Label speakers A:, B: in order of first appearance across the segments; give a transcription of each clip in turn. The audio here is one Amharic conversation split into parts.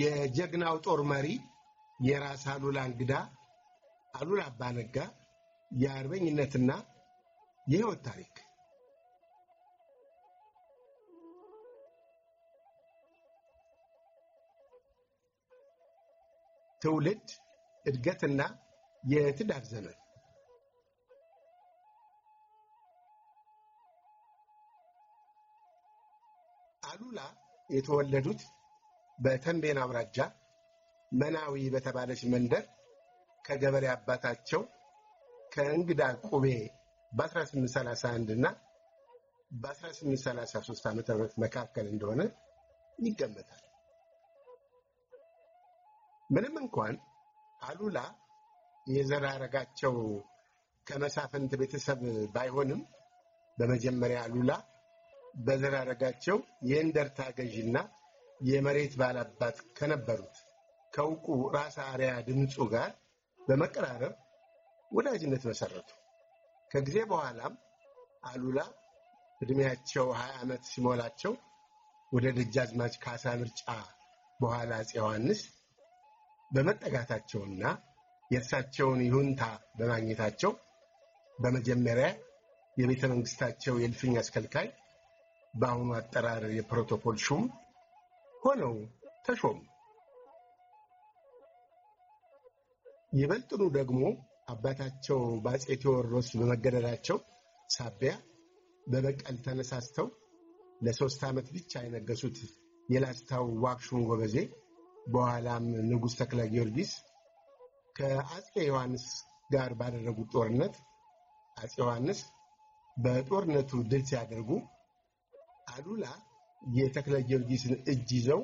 A: የጀግናው ጦር መሪ የራስ አሉላ እንግዳ አሉላ አባነጋ የአርበኝነትና የህይወት ታሪክ ትውልድ እድገትና የትዳር ዘመን አሉላ የተወለዱት በተንቤን አውራጃ መናዊ በተባለች መንደር ከገበሬ አባታቸው ከእንግዳ ቁቤ በ1831 እና በ1833 ም መካከል እንደሆነ ይገመታል። ምንም እንኳን አሉላ የዘራረጋቸው ከመሳፍንት ቤተሰብ ባይሆንም በመጀመሪያ አሉላ በዘራረጋቸው የእንደርታ ገዢና የመሬት ባላባት ከነበሩት ከእውቁ ራስ አርያ ድምፁ ጋር በመቀራረብ ወዳጅነት መሰረቱ። ከጊዜ በኋላም አሉላ እድሜያቸው ሀያ ዓመት ሲሞላቸው ወደ ደጃዝማች ካሳ ምርጫ በኋላ አፄ ዮሐንስ በመጠጋታቸውና የእርሳቸውን ይሁንታ በማግኘታቸው በመጀመሪያ የቤተ መንግስታቸው የእልፍኝ አስከልካይ በአሁኑ አጠራር የፕሮቶኮል ሹም ሆነው ተሾሙ። ይበልጥኑ ደግሞ አባታቸው በአፄ ቴዎድሮስ በመገደላቸው ሳቢያ በበቀል ተነሳስተው ለሶስት ዓመት ብቻ የነገሱት የላስታው ዋክሹም ጎበዜ በኋላም ንጉሥ ተክለ ጊዮርጊስ ከአፄ ዮሐንስ ጋር ባደረጉት ጦርነት አፄ ዮሐንስ በጦርነቱ ድል ሲያደርጉ አሉላ የተክለ ጊዮርጊስን እጅ ይዘው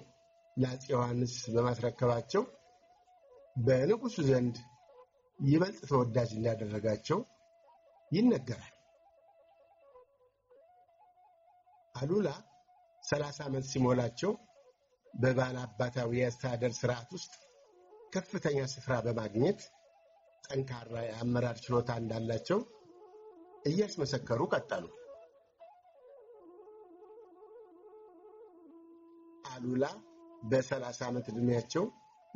A: ለአፄ ዮሐንስ በማስረከባቸው በንጉሱ ዘንድ ይበልጥ ተወዳጅ እንዳደረጋቸው ይነገራል። አሉላ ሰላሳ ዓመት ሲሞላቸው በባል አባታዊ የአስተዳደር ስርዓት ውስጥ ከፍተኛ ስፍራ በማግኘት ጠንካራ የአመራር ችሎታ እንዳላቸው እያስመሰከሩ ቀጠሉ። አሉላ በሰላሳ ዓመት ዕድሜያቸው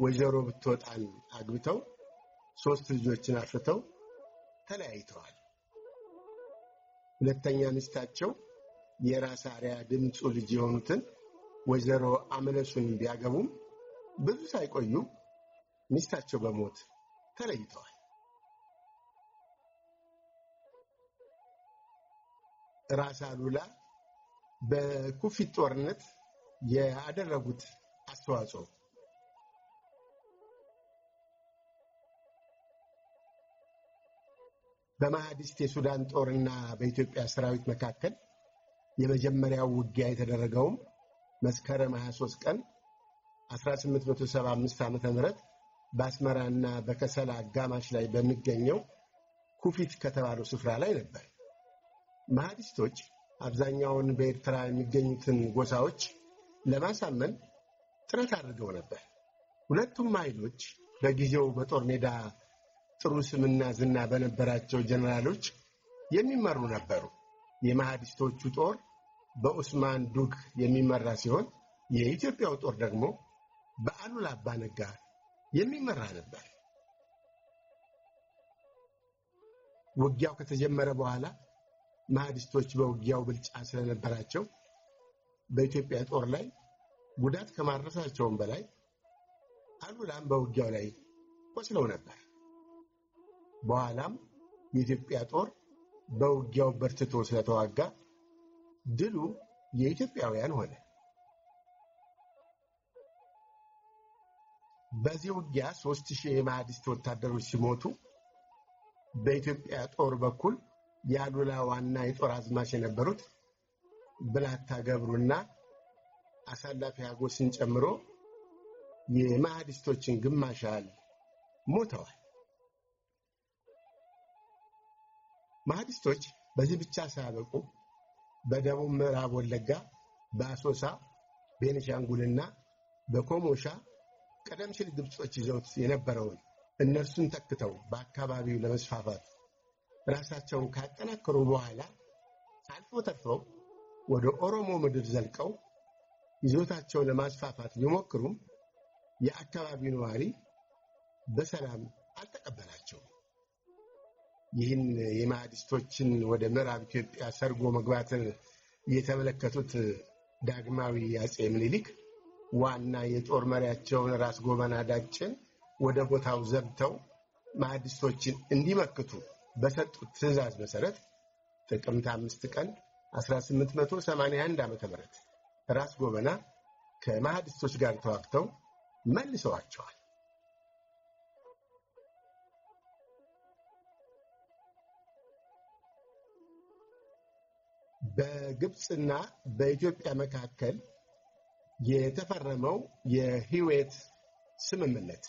A: ወይዘሮ ብትወጣን አግብተው ሶስት ልጆችን አፍርተው ተለያይተዋል። ሁለተኛ ሚስታቸው የራስ አርያ ድምፁ ልጅ የሆኑትን ወይዘሮ አመለሱን ቢያገቡም ብዙ ሳይቆዩ ሚስታቸው በሞት ተለይተዋል። ራስ አሉላ በኩፊት ጦርነት ያደረጉት አስተዋጽኦ በማህዲስት የሱዳን ጦርና በኢትዮጵያ ሰራዊት መካከል የመጀመሪያው ውጊያ የተደረገውም መስከረም 23 ቀን 1875 ዓ ም በአስመራና በከሰላ አጋማሽ ላይ በሚገኘው ኩፊት ከተባለው ስፍራ ላይ ነበር። ማህዲስቶች አብዛኛውን በኤርትራ የሚገኙትን ጎሳዎች ለማሳመን ጥረት አድርገው ነበር። ሁለቱም ኃይሎች በጊዜው በጦር ሜዳ ጥሩ ስምና ዝና በነበራቸው ጀነራሎች የሚመሩ ነበሩ። የማህዲስቶቹ ጦር በኡስማን ዱግ የሚመራ ሲሆን የኢትዮጵያው ጦር ደግሞ በአሉላ አባነጋ ነጋ የሚመራ ነበር። ውጊያው ከተጀመረ በኋላ ማህዲስቶች በውጊያው ብልጫ ስለነበራቸው በኢትዮጵያ ጦር ላይ ጉዳት ከማድረሳቸውም በላይ አሉላም በውጊያው ላይ ቆስለው ነበር። በኋላም የኢትዮጵያ ጦር በውጊያው በርትቶ ስለተዋጋ ድሉ የኢትዮጵያውያን ሆነ። በዚህ ውጊያ ሶስት ሺህ የማህዲስት ወታደሮች ሲሞቱ በኢትዮጵያ ጦር በኩል የአሉላ ዋና የጦር አዝማች የነበሩት ብላታ ገብሩና አሳላፊ ሀጎስን ጨምሮ የማህዲስቶችን ግማሽ ያህል ሞተዋል። ማህዲስቶች በዚህ ብቻ ሳያበቁ በደቡብ ምዕራብ ወለጋ፣ በአሶሳ፣ ቤኒሻንጉልና በኮሞሻ ቀደም ሲል ግብጾች ይዘውት የነበረውን እነርሱን ተክተው በአካባቢው ለመስፋፋት ራሳቸውን ካጠናከሩ በኋላ አልፎ ተርፈው ወደ ኦሮሞ ምድር ዘልቀው ይዞታቸውን ለማስፋፋት ቢሞክሩም የአካባቢው ነዋሪ በሰላም አልተቀበላቸውም። ይህን የማህዲስቶችን ወደ ምዕራብ ኢትዮጵያ ሰርጎ መግባትን የተመለከቱት ዳግማዊ አጼ ምኒልክ ዋና የጦር መሪያቸውን ራስ ጎበና ዳጭን ወደ ቦታው ዘብተው ማህዲስቶችን እንዲመክቱ በሰጡት ትዕዛዝ መሰረት ጥቅምት አምስት ቀን 1881 ዓ ም ራስ ጎበና ከማህዲስቶች ጋር ተዋግተው መልሰዋቸዋል። በግብፅና በኢትዮጵያ መካከል የተፈረመው የህይወት ስምምነት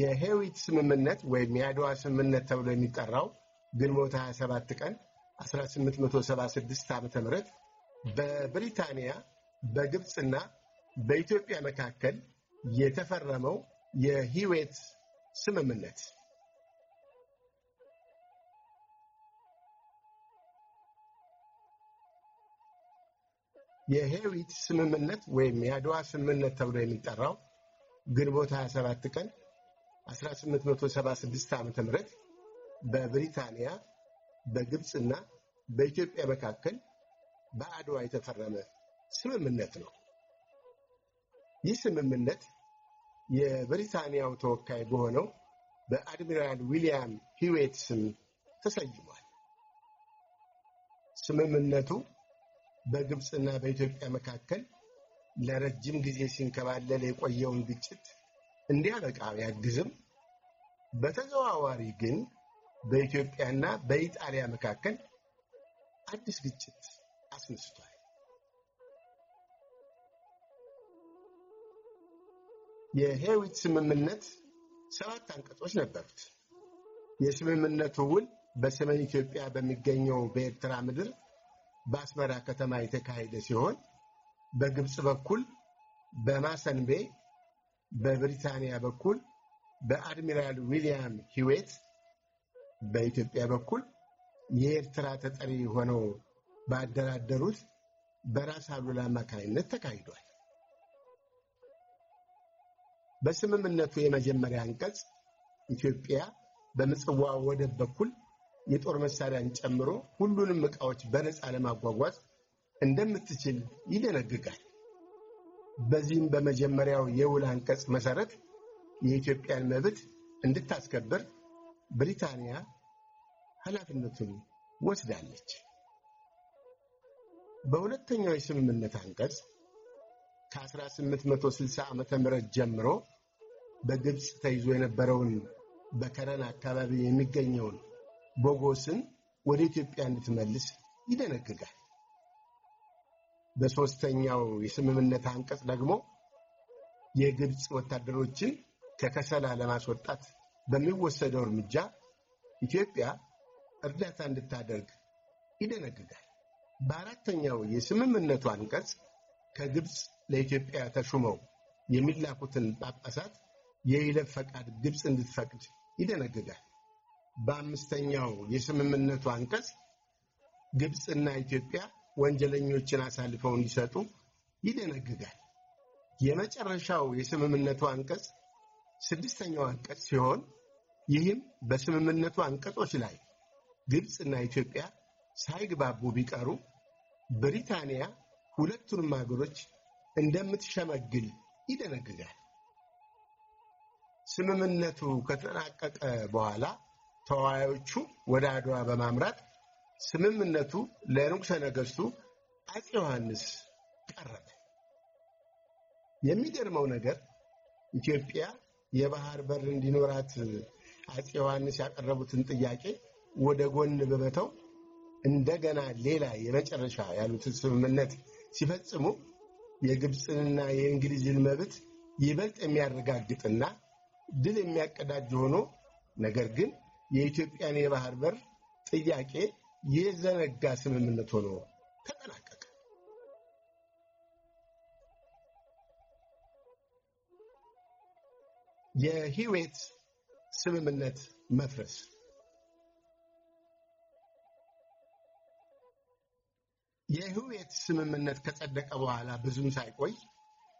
A: የሄዊት ስምምነት ወይም የአድዋ ስምምነት ተብሎ የሚጠራው ግንቦት 27 ቀን 1876 ዓ ም በብሪታንያ በግብፅና በኢትዮጵያ መካከል የተፈረመው የሂዌት ስምምነት የሄዊት ስምምነት ወይም የአድዋ ስምምነት ተብሎ የሚጠራው ግንቦት 27 ቀን 1876 ዓ.ም በብሪታንያ በግብፅና በኢትዮጵያ መካከል በአድዋ የተፈረመ ስምምነት ነው። ይህ ስምምነት የብሪታንያው ተወካይ በሆነው በአድሚራል ዊሊያም ሂዌት ስም ተሰይሟል። ስምምነቱ በግብፅና በኢትዮጵያ መካከል ለረጅም ጊዜ ሲንከባለል የቆየውን ግጭት እንዲያበቃ ቢያግዝም በተዘዋዋሪ ግን በኢትዮጵያና በኢጣሊያ መካከል አዲስ ግጭት አስነስቷል። የሄዊት ስምምነት ሰባት አንቀጾች ነበሩት። የስምምነቱ ውል በሰሜን ኢትዮጵያ በሚገኘው በኤርትራ ምድር በአስመራ ከተማ የተካሄደ ሲሆን በግብፅ በኩል በማሰንቤ በብሪታንያ በኩል በአድሚራል ዊሊያም ሂዌት በኢትዮጵያ በኩል የኤርትራ ተጠሪ ሆነው ባደራደሩት በራስ አሉላ አማካኝነት ተካሂዷል። በስምምነቱ የመጀመሪያ አንቀጽ ኢትዮጵያ በምጽዋ ወደብ በኩል የጦር መሳሪያን ጨምሮ ሁሉንም ዕቃዎች በነፃ ለማጓጓዝ እንደምትችል ይደነግጋል። በዚህም በመጀመሪያው የውል አንቀጽ መሠረት የኢትዮጵያን መብት እንድታስከብር ብሪታንያ ኃላፊነቱን ወስዳለች። በሁለተኛው የስምምነት አንቀጽ ከ1860 ም ጀምሮ በግብፅ ተይዞ የነበረውን በከረን አካባቢ የሚገኘውን ቦጎስን ወደ ኢትዮጵያ እንድትመልስ ይደነግጋል። በሶስተኛው የስምምነት አንቀጽ ደግሞ የግብፅ ወታደሮችን ከከሰላ ለማስወጣት በሚወሰደው እርምጃ ኢትዮጵያ እርዳታ እንድታደርግ ይደነግጋል። በአራተኛው የስምምነቱ አንቀጽ ከግብፅ ለኢትዮጵያ ተሹመው የሚላኩትን ጳጳሳት የይለፍ ፈቃድ ግብፅ እንድትፈቅድ ይደነግጋል። በአምስተኛው የስምምነቱ አንቀጽ ግብፅና ኢትዮጵያ ወንጀለኞችን አሳልፈው እንዲሰጡ ይደነግጋል። የመጨረሻው የስምምነቱ አንቀጽ ስድስተኛው አንቀጽ ሲሆን ይህም በስምምነቱ አንቀጾች ላይ ግብፅና ኢትዮጵያ ሳይግባቡ ቢቀሩ ብሪታንያ ሁለቱንም አገሮች እንደምትሸመግል ይደነግጋል። ስምምነቱ ከተጠናቀቀ በኋላ ተዋዮቹ ወደ አድዋ በማምራት ስምምነቱ ለንጉሠ ነገሥቱ አፄ ዮሐንስ ቀረበ። የሚገርመው ነገር ኢትዮጵያ የባህር በር እንዲኖራት አፄ ዮሐንስ ያቀረቡትን ጥያቄ ወደ ጎን በመተው እንደገና ሌላ የመጨረሻ ያሉትን ስምምነት ሲፈጽሙ የግብፅንና የእንግሊዝን መብት ይበልጥ የሚያረጋግጥና ድል የሚያቀዳጅ ሆኖ ነገር ግን የኢትዮጵያን የባህር በር ጥያቄ የዘነጋ ስምምነት ሆኖ ተጠናቀቀ። የሂዌት ስምምነት መፍረስ የህዌት ስምምነት ከጸደቀ በኋላ ብዙም ሳይቆይ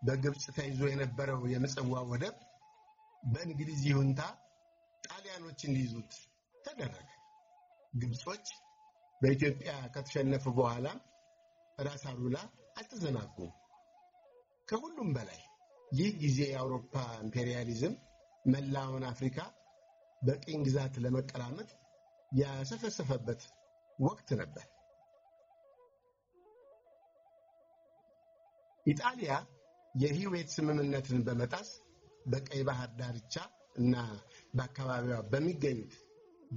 A: በግብፅ ተይዞ የነበረው የምጽዋ ወደብ በእንግሊዝ ይሁንታ ጣሊያኖች እንዲይዙት ተደረገ። ግብጾች በኢትዮጵያ ከተሸነፉ በኋላ ራስ አሉላ አልተዘናጉም። ከሁሉም በላይ ይህ ጊዜ የአውሮፓ ኢምፔሪያሊዝም መላውን አፍሪካ በቅኝ ግዛት ለመቀራመት ያሰፈሰፈበት ወቅት ነበር። ኢጣሊያ የሂዌት ስምምነትን በመጣስ በቀይ ባህር ዳርቻ እና በአካባቢዋ በሚገኙት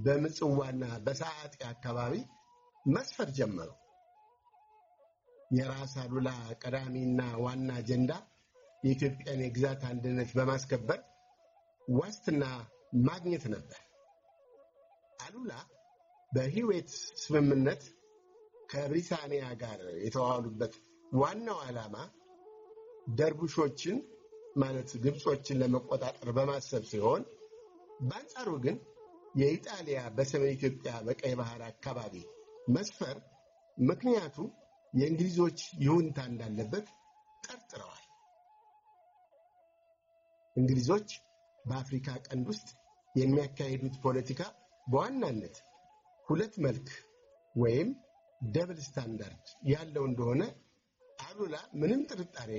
A: በምጽዋና በሰዓጤ አካባቢ መስፈር ጀመሩ። የራስ አሉላ ቀዳሚና ዋና አጀንዳ የኢትዮጵያን የግዛት አንድነት በማስከበር ዋስትና ማግኘት ነበር። አሉላ በህይወት ስምምነት ከብሪታንያ ጋር የተዋሉበት ዋናው ዓላማ ደርቡሾችን ማለት ግብጾችን ለመቆጣጠር በማሰብ ሲሆን በአንጻሩ ግን የኢጣሊያ በሰሜን ኢትዮጵያ በቀይ ባህር አካባቢ መስፈር ምክንያቱ የእንግሊዞች ይሁንታ እንዳለበት ጠርጥረዋል። እንግሊዞች በአፍሪካ ቀንድ ውስጥ የሚያካሂዱት ፖለቲካ በዋናነት ሁለት መልክ ወይም ደብል ስታንዳርድ ያለው እንደሆነ አሉላ ምንም ጥርጣሬ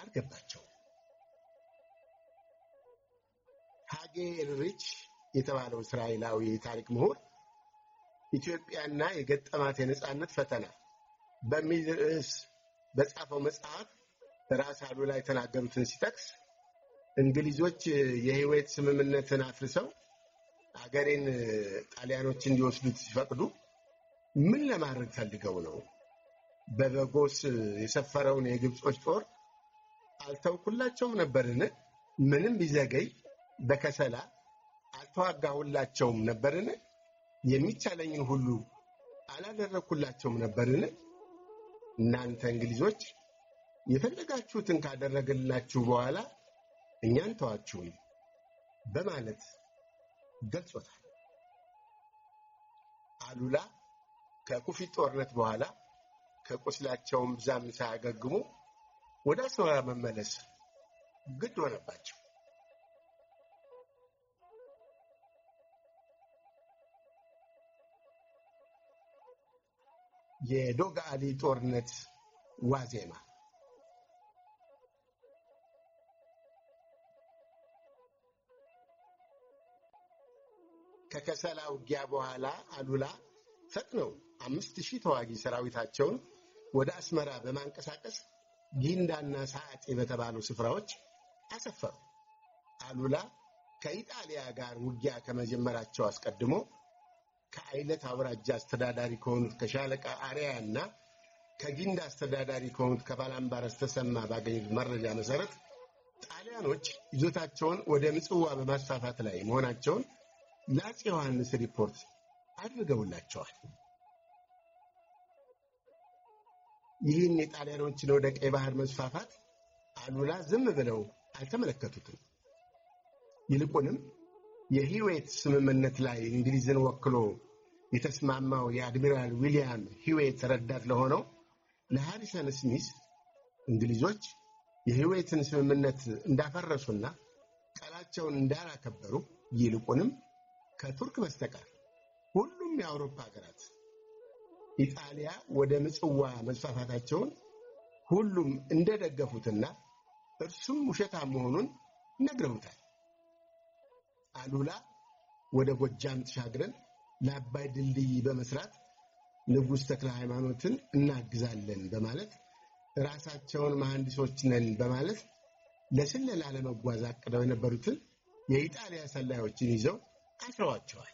A: አልገባቸውም። ሃጌ ኤልሪች የተባለው እስራኤላዊ የታሪክ ምሁር ኢትዮጵያና የገጠማት የነጻነት ፈተና በሚል ርዕስ በጻፈው መጽሐፍ ራስ አሉላ የተናገሩትን ሲጠቅስ እንግሊዞች የህይወት ስምምነትን አፍርሰው አገሬን ጣሊያኖች እንዲወስዱት ሲፈቅዱ ምን ለማድረግ ፈልገው ነው? በበጎስ የሰፈረውን የግብጾች ጦር አልተውኩላቸውም ነበርን? ምንም ቢዘገይ በከሰላ አልተዋጋሁላቸውም ነበርን? የሚቻለኝን ሁሉ አላደረግኩላቸውም ነበርን? እናንተ እንግሊዞች የፈለጋችሁትን ካደረግላችሁ በኋላ እኛን ተዋችሁን በማለት ገልጾታል። አሉላ ከኩፊት ጦርነት በኋላ ከቁስላቸውም ብዛም ሳያገግሙ ወደ አስመራ መመለስ ግድ ሆነባቸው። የዶግ አሊ ጦርነት ዋዜማ ከከሰላ ውጊያ በኋላ አሉላ ፈጥነው አምስት ሺህ ተዋጊ ሰራዊታቸውን ወደ አስመራ በማንቀሳቀስ ጊንዳና ሰዓጤ በተባሉ ስፍራዎች አሰፈሩ። አሉላ ከኢጣሊያ ጋር ውጊያ ከመጀመራቸው አስቀድሞ ከአይለት አውራጃ አስተዳዳሪ ከሆኑት ከሻለቃ አሪያ እና ከጊንድ አስተዳዳሪ ከሆኑት ከባላምባረስ ተሰማ ባገኙት መረጃ መሰረት ጣሊያኖች ይዞታቸውን ወደ ምጽዋ በማስፋፋት ላይ መሆናቸውን ለአፄ ዮሐንስ ሪፖርት አድርገውላቸዋል። ይህን የጣሊያኖችን ወደ ቀይ ባህር መስፋፋት አሉላ ዝም ብለው አልተመለከቱትም። ይልቁንም የሂዌት ስምምነት ላይ እንግሊዝን ወክሎ የተስማማው የአድሚራል ዊሊያም ሂዌት ረዳት ለሆነው ለሃሪሰን ስሚስ እንግሊዞች የህይወትን ስምምነት እንዳፈረሱና ቃላቸውን እንዳላከበሩ ይልቁንም ከቱርክ በስተቀር ሁሉም የአውሮፓ ሀገራት ኢጣሊያ ወደ ምጽዋ መስፋፋታቸውን ሁሉም እንደደገፉትና እርሱም ውሸታ መሆኑን ነግረውታል። አሉላ ወደ ጎጃም ተሻግረን ለአባይ ድልድይ በመስራት ንጉሥ ተክለ ሃይማኖትን እናግዛለን በማለት ራሳቸውን መሐንዲሶች ነን በማለት ለስለላ ለመጓዝ አቅደው የነበሩትን የኢጣሊያ ሰላዮችን ይዘው አስረዋቸዋል።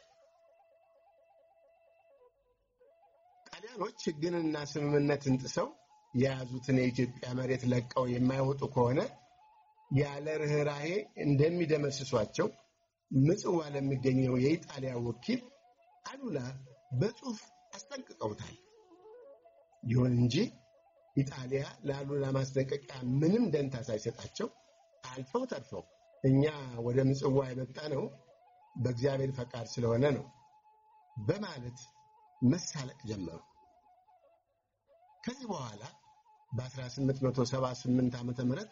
A: ጣሊያኖች ሕግንና ስምምነትን ጥሰው የያዙትን የኢትዮጵያ መሬት ለቀው የማይወጡ ከሆነ ያለ ርኅራሄ እንደሚደመስሷቸው ምጽዋ ለሚገኘው የኢጣሊያ ወኪል አሉላ በጽሑፍ አስጠንቅቀውታል። ይሁን እንጂ ኢጣሊያ ለአሉላ ማስጠንቀቂያ ምንም ደንታ ሳይሰጣቸው አልፈው ተርፈው እኛ ወደ ምጽዋ የመጣ ነው በእግዚአብሔር ፈቃድ ስለሆነ ነው በማለት መሳለቅ ጀመሩ። ከዚህ በኋላ በ1878 ም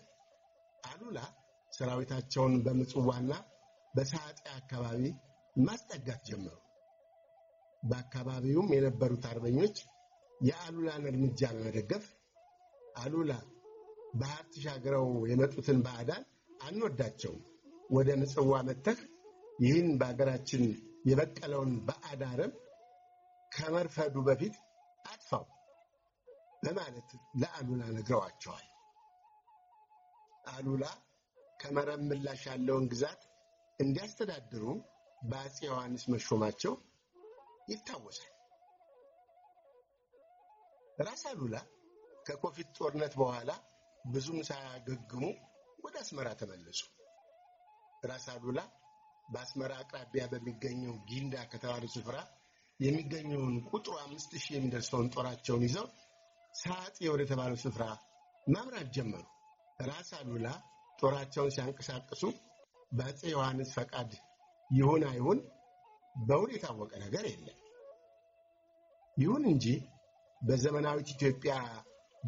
A: አሉላ ሰራዊታቸውን በምጽዋና በሳጤ አካባቢ ማስጠጋት ጀመሩ። በአካባቢውም የነበሩት አርበኞች የአሉላን እርምጃ በመደገፍ አሉላ ባህር ተሻግረው የመጡትን ባዕዳን አንወዳቸውም፣ ወደ ምጽዋ መጥተህ ይህን በሀገራችን የበቀለውን ባዕድ አረም ከመርፈዱ በፊት አጥፋው በማለት ለአሉላ ነግረዋቸዋል። አሉላ ከመረብ ምላሽ ያለውን ግዛት እንዲያስተዳድሩ በአፄ ዮሐንስ መሾማቸው ይታወሳል። ራስ አሉላ ከኮፊት ጦርነት በኋላ ብዙም ሳያገግሙ ወደ አስመራ ተመለሱ። ራስ አሉላ በአስመራ አቅራቢያ በሚገኘው ጊንዳ ከተባለ ስፍራ የሚገኘውን ቁጥሩ አምስት ሺህ የሚደርሰውን ጦራቸውን ይዘው ሳጤ ወደ ተባለው ስፍራ ማምራት ጀመሩ። ራስ አሉላ ጦራቸውን ሲያንቀሳቅሱ በአፄ ዮሐንስ ፈቃድ ይሁን አይሁን በውል የታወቀ ነገር የለም። ይሁን እንጂ በዘመናዊት ኢትዮጵያ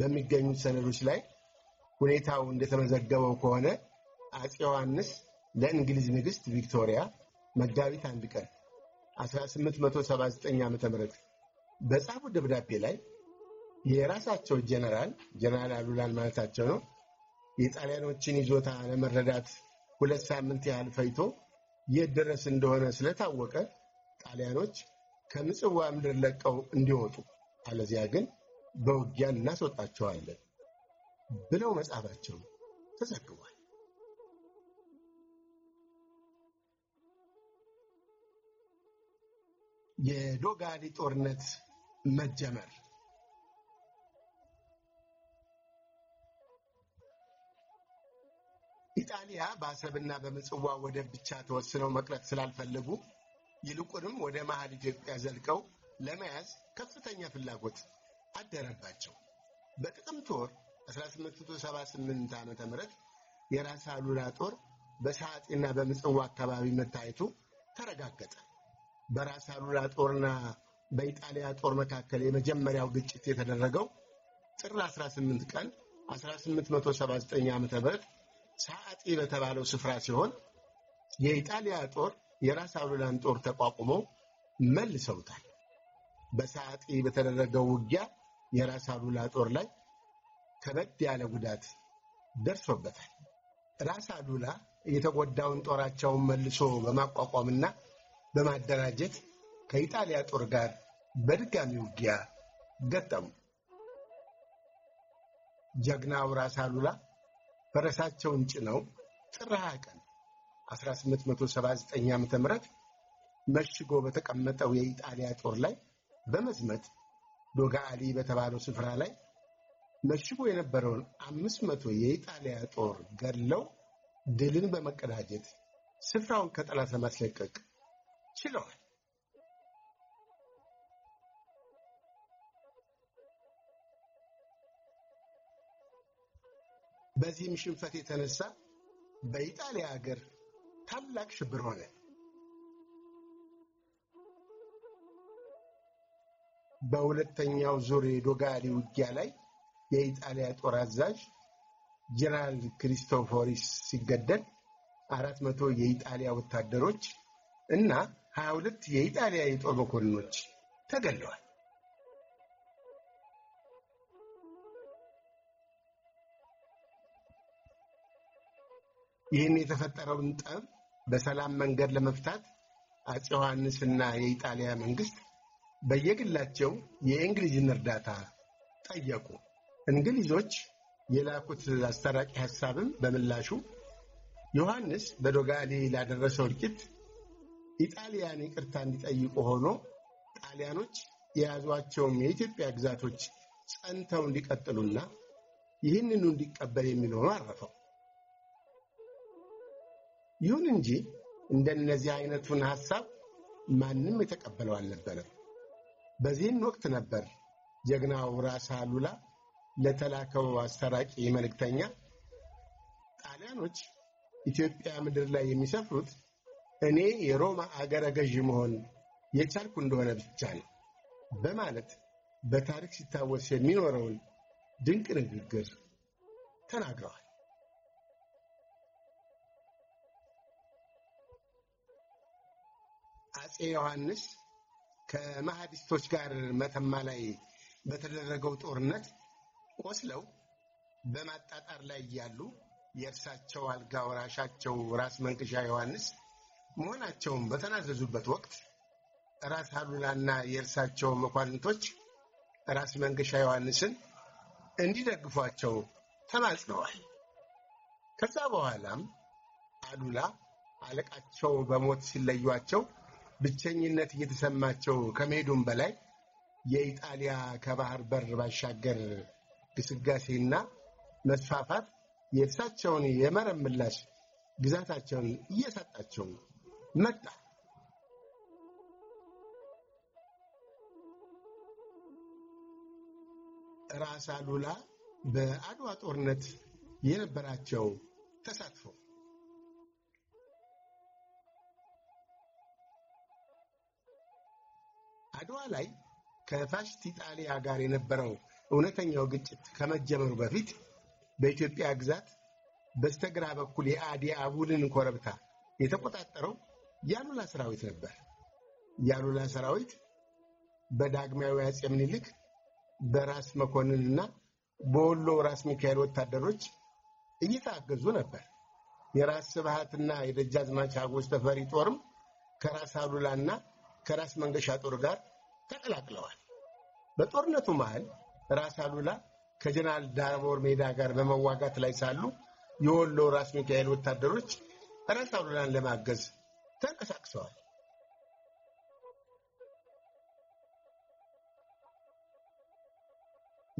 A: በሚገኙት ሰነዶች ላይ ሁኔታው እንደተመዘገበው ከሆነ አፄ ዮሐንስ ለእንግሊዝ ንግሥት ቪክቶሪያ መጋቢት አንድ ቀን 1879 ዓ ም በጻፉ ደብዳቤ ላይ የራሳቸው ጀነራል ጀነራል አሉላን ማለታቸው ነው የጣሊያኖችን ይዞታ ለመረዳት ሁለት ሳምንት ያህል ፈይቶ የት ድረስ እንደሆነ ስለታወቀ ጣሊያኖች ከምጽዋ ምድር ለቀው እንዲወጡ አለዚያ ግን በውጊያ እናስወጣቸዋለን ብለው መጻፋቸው ተዘግቧል። የዶጋሊ ጦርነት መጀመር ኢጣሊያ በአሰብና በምጽዋ ወደብ ብቻ ተወስነው መቅረት ስላልፈለጉ ይልቁንም ወደ መሀል ኢትዮጵያ ዘልቀው ለመያዝ ከፍተኛ ፍላጎት አደረባቸው። በጥቅምት ወር 1878 ዓ ም የራስ አሉላ ጦር በሰዓጤና በምጽዋ አካባቢ መታየቱ ተረጋገጠ። በራስ አሉላ ጦርና በኢጣሊያ ጦር መካከል የመጀመሪያው ግጭት የተደረገው ጥር 18 ቀን 1879 ዓ.ም ሳአጢ በተባለው ስፍራ ሲሆን የኢጣሊያ ጦር የራስ አሉላን ጦር ተቋቁሞ መልሰውታል። በሳአጢ በተደረገው ውጊያ የራስ አሉላ ጦር ላይ ከበድ ያለ ጉዳት ደርሶበታል። ራስ አሉላ የተጎዳውን ጦራቸውን መልሶ በማቋቋምና በማደራጀት ከኢጣሊያ ጦር ጋር በድጋሚ ውጊያ ገጠሙ። ጀግናው ራስ አሉላ ፈረሳቸውን ጭነው ጥር 20 ቀን 1879 ዓ.ም መሽጎ በተቀመጠው የኢጣሊያ ጦር ላይ በመዝመት ዶጋአሊ በተባለው ስፍራ ላይ መሽጎ የነበረውን አምስት መቶ የኢጣሊያ ጦር ገድለው ድልን በመቀዳጀት ስፍራውን ከጠላት ለማስለቀቅ ችለዋል። በዚህም ሽንፈት የተነሳ በኢጣሊያ ሀገር ታላቅ ሽብር ሆነ። በሁለተኛው ዙር የዶጋሊ ውጊያ ላይ የኢጣሊያ ጦር አዛዥ ጀነራል ክሪስቶፎሪስ ሲገደል አራት መቶ የኢጣሊያ ወታደሮች እና ሀያ ሁለት የኢጣሊያ የጦር መኮንኖች ተገለዋል። ይህን የተፈጠረውን ጠብ በሰላም መንገድ ለመፍታት አፄ ዮሐንስና የኢጣሊያ መንግስት በየግላቸው የእንግሊዝን እርዳታ ጠየቁ። እንግሊዞች የላኩት አስታራቂ ሐሳብም በምላሹ ዮሐንስ በዶጋሌ ላደረሰው እልቂት ኢጣሊያን ይቅርታ እንዲጠይቁ ሆኖ ጣሊያኖች የያዟቸውም የኢትዮጵያ ግዛቶች ጸንተው እንዲቀጥሉና ይህንኑ እንዲቀበል የሚል ሆኖ አረፈው። ይሁን እንጂ እንደነዚህ አይነቱን ሐሳብ ማንም የተቀበለው አልነበረም። በዚህን ወቅት ነበር ጀግናው ራስ አሉላ ለተላከው አስተራቂ መልእክተኛ ጣሊያኖች ኢትዮጵያ ምድር ላይ የሚሰፍሩት እኔ የሮማ አገረ ገዥ መሆን የቻልኩ እንደሆነ ብቻ ነው በማለት በታሪክ ሲታወስ የሚኖረውን ድንቅ ንግግር ተናግረዋል። አጼ ዮሐንስ ከማህዲስቶች ጋር መተማ ላይ በተደረገው ጦርነት ቆስለው በማጣጣር ላይ ያሉ የእርሳቸው አልጋ ወራሻቸው ራስ መንገሻ ዮሐንስ መሆናቸውን በተናዘዙበት ወቅት ራስ አሉላና የእርሳቸው መኳንንቶች ራስ መንገሻ ዮሐንስን እንዲደግፏቸው ተማጽነዋል። ከዛ በኋላም አሉላ አለቃቸው በሞት ሲለዩቸው ብቸኝነት እየተሰማቸው ከመሄዱም በላይ የኢጣሊያ ከባህር በር ባሻገር ግስጋሴና መስፋፋት የእርሳቸውን የመረብ ምላሽ ግዛታቸውን እየሰጣቸው መጣ። ራስ አሉላ በአድዋ ጦርነት የነበራቸው ተሳትፎ አድዋ ላይ ከፋሽት ኢጣሊያ ጋር የነበረው እውነተኛው ግጭት ከመጀመሩ በፊት በኢትዮጵያ ግዛት በስተግራ በኩል የአዲ አቡልን ኮረብታ የተቆጣጠረው የአሉላ ሰራዊት ነበር። የአሉላ ሰራዊት በዳግማዊ አጼ ምኒልክ በራስ መኮንንና በወሎ ራስ ሚካኤል ወታደሮች እየታገዙ ነበር። የራስ ስብሃትና የደጃዝማች ሀጎስ ተፈሪ ጦርም ከራስ አሉላና ከራስ መንገሻ ጦር ጋር ተቀላቅለዋል። በጦርነቱ መሃል ራስ አሉላ ከጀነራል ዳቦር ሜዳ ጋር በመዋጋት ላይ ሳሉ የወሎ ራስ ሚካኤል ወታደሮች ራስ አሉላን ለማገዝ ተንቀሳቅሰዋል።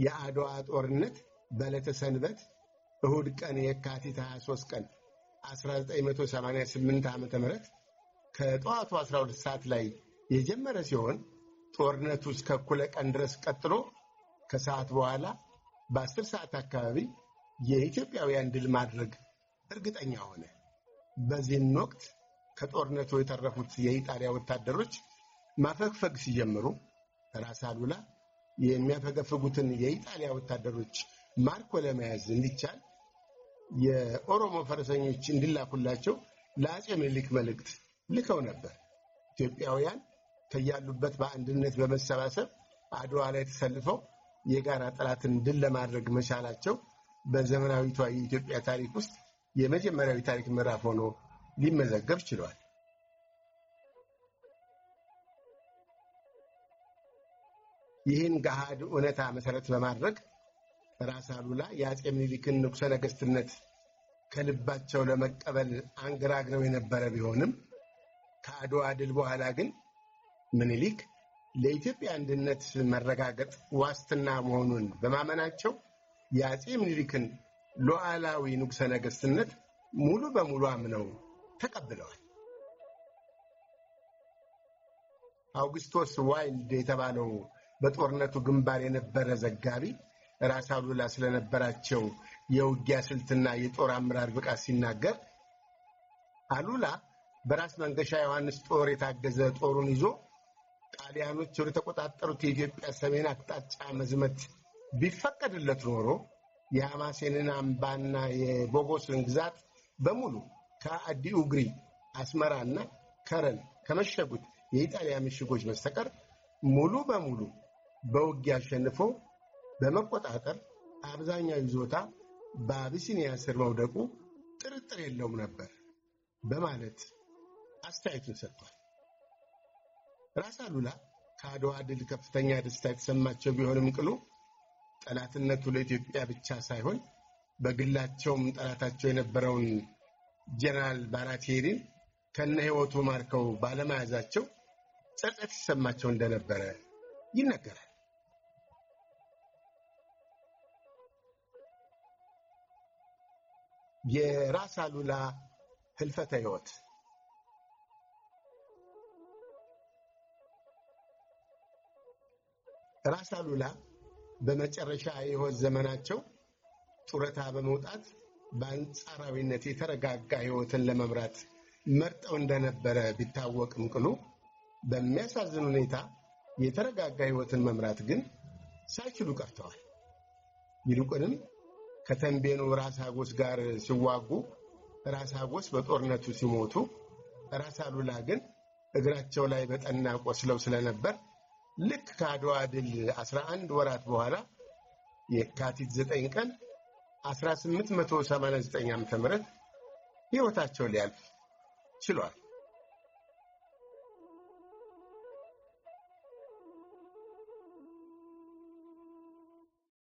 A: የአድዋ ጦርነት በዕለተ ሰንበት እሁድ ቀን የካቲት 23 ቀን 1988 ዓ ም ከጠዋቱ 12 ሰዓት ላይ የጀመረ ሲሆን ጦርነቱ እስከ እኩለ ቀን ድረስ ቀጥሎ ከሰዓት በኋላ በአስር ሰዓት አካባቢ የኢትዮጵያውያን ድል ማድረግ እርግጠኛ ሆነ። በዚህም ወቅት ከጦርነቱ የተረፉት የኢጣሊያ ወታደሮች ማፈግፈግ ሲጀምሩ ራስ አሉላ የሚያፈገፍጉትን የኢጣሊያ ወታደሮች ማርኮ ለመያዝ እንዲቻል የኦሮሞ ፈረሰኞች እንዲላኩላቸው ለአፄ ምኒልክ መልእክት ልከው ነበር። ኢትዮጵያውያን ከያሉበት በአንድነት በመሰባሰብ አድዋ ላይ ተሰልፈው የጋራ ጠላትን ድል ለማድረግ መቻላቸው በዘመናዊቷ የኢትዮጵያ ታሪክ ውስጥ የመጀመሪያዊ ታሪክ ምዕራፍ ሆኖ ሊመዘገብ ችሏል። ይህን ገሃድ እውነታ መሰረት በማድረግ ራስ አሉላ የአፄ ምኒልክን ንጉሠ ነገሥትነት ከልባቸው ለመቀበል አንገራግረው የነበረ ቢሆንም ከአድዋ ድል በኋላ ግን ምኒልክ ለኢትዮጵያ አንድነት መረጋገጥ ዋስትና መሆኑን በማመናቸው የአፄ ምኒልክን ሉዓላዊ ንጉሠ ነገሥትነት ሙሉ በሙሉ አምነው ተቀብለዋል። አውግስቶስ ዋይልድ የተባለው በጦርነቱ ግንባር የነበረ ዘጋቢ ራስ አሉላ ስለነበራቸው የውጊያ ስልትና የጦር አመራር ብቃት ሲናገር አሉላ በራስ መንገሻ ዮሐንስ ጦር የታገዘ ጦሩን ይዞ ጣሊያኖች ወደ ተቆጣጠሩት የኢትዮጵያ ሰሜን አቅጣጫ መዝመት ቢፈቀድለት ኖሮ የአማሴንን አምባና የቦጎስን ግዛት በሙሉ ከአዲ ኡግሪ አስመራና ከረን ከመሸጉት የኢጣሊያ ምሽጎች በስተቀር ሙሉ በሙሉ በውጊያ አሸንፎ በመቆጣጠር አብዛኛው ይዞታ በአቢሲኒያ ስር መውደቁ ጥርጥር የለውም ነበር በማለት አስተያየቱን ሰጥቷል። ራስ አሉላ ከአድዋ ድል ከፍተኛ ደስታ የተሰማቸው ቢሆንም ቅሉ ጠላትነቱ ለኢትዮጵያ ብቻ ሳይሆን በግላቸውም ጠላታቸው የነበረውን ጀነራል ባራቴሪን ከነ ሕይወቱ ማርከው ባለመያዛቸው ጸጸት ይሰማቸው እንደነበረ ይነገራል። የራስ አሉላ ህልፈተ ሕይወት ራስ አሉላ በመጨረሻ የህይወት ዘመናቸው ጡረታ በመውጣት በአንጻራዊነት የተረጋጋ ህይወትን ለመምራት መርጠው እንደነበረ ቢታወቅም ቅሉ በሚያሳዝን ሁኔታ የተረጋጋ ህይወትን መምራት ግን ሳይችሉ ቀርተዋል። ይልቁንም ከተንቤኑ ራስ አጎስ ጋር ሲዋጉ ራስ አጎስ በጦርነቱ ሲሞቱ ራስ አሉላ ግን እግራቸው ላይ በጠና ቆስለው ስለነበር ልክ ከአድዋ ድል 11 ወራት በኋላ የካቲት 9 ቀን 1889 ዓ.ም ሕይወታቸው ሊያልፍ ችሏል።